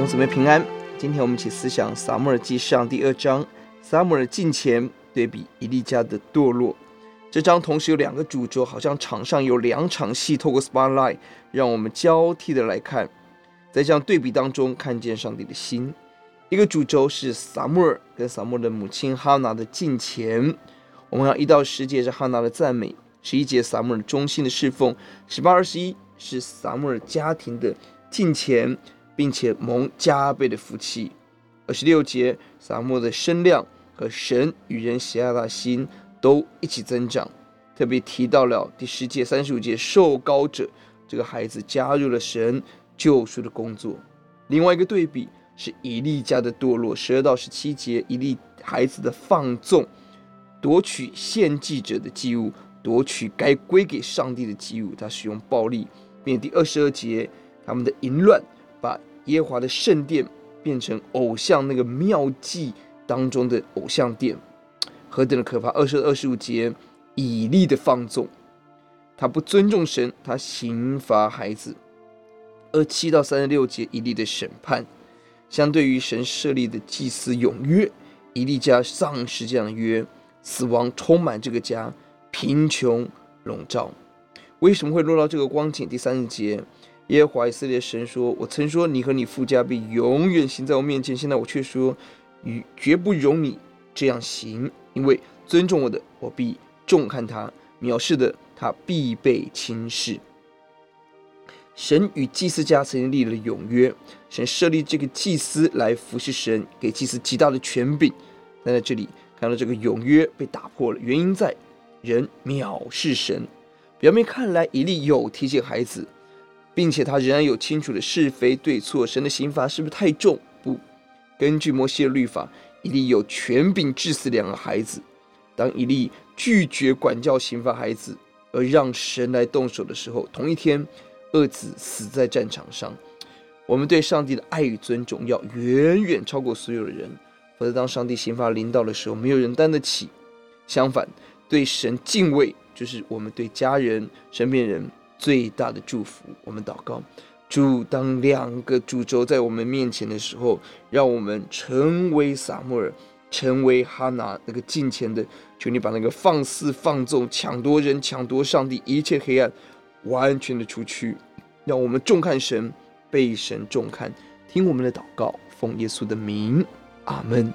同學們平安，今天我們一起思想撒母耳記上，第二章撒母耳敬虔，對比以利家的墮落。這章同時有兩個主軸，好像場上有兩場戲，透過 spotlight 讓我們交替的來看，在這樣對比當中看見上帝的心。一個主軸是撒母耳跟撒母耳的母親哈拿的敬虔，我們看一到十節是哈拿的讚美，十一節撒母耳忠心的侍奉，十八、二十一是撒母耳家庭的敬虔。並且蒙加倍的福氣。二十六節，撒母耳的身量和神與人喜愛的心都一起增長。特別提到了第十節、三十五節受膏者這個孩子加入了神救贖的工作。另外一個對比是以利家的墮落，十二到十七節，以利孩子的放縱，奪取獻祭者的祭物，奪取該歸給上帝的祭物，他使用暴力。並且第二十二節，他們的淫亂把。耶華的聖殿變成偶像，那個廟妓當中的偶像殿，何等的可怕！二十二到二十五節，以利的放縱，他不尊重神，他刑罰孩子。二七到三十六節，以利的審判，相對於神設立的祭司永約，以利家喪失這樣的約，死亡充滿這個家，貧窮籠罩。為什麼會落到這個光景？第三十節。耶和華以色列神說：“我曾說你和你父家必永遠行在我面前，現在我卻說，與，絕不容你這樣行。因為尊重我的，我必重看他；藐視的，他必被輕視。”神與祭司家曾經立了永約，神設立這個祭司來服侍神，給祭司極大的權柄。但在這裡看到這個永約被打破了，原因在人藐視神。表面看來，以利有提醒孩子。並且他仍然有清楚的是非對錯，神的刑罰是不是太重？不，根據摩西的律法，以利有權柄治死兩個孩子。當以利拒絕管教刑罰孩子，而讓神來動手的時候，同一天，二子死在戰場上。我們對上帝的愛與尊重要遠遠超過所有的人，否則當上帝刑罰臨到的時候，沒有人擔得起。相反，對神敬畏就是我們對家人身邊人。最大的祝福，我們禱告，主，當兩個主軸在我們面前的時候，讓我們成為撒母耳，成為哈拿，那個敬虔的。求你把那個放肆、放縱、搶奪人、搶奪上帝一切黑暗，完全的除去。讓我們重看神，被神重看，聽我們的禱告，奉耶穌的名，阿門。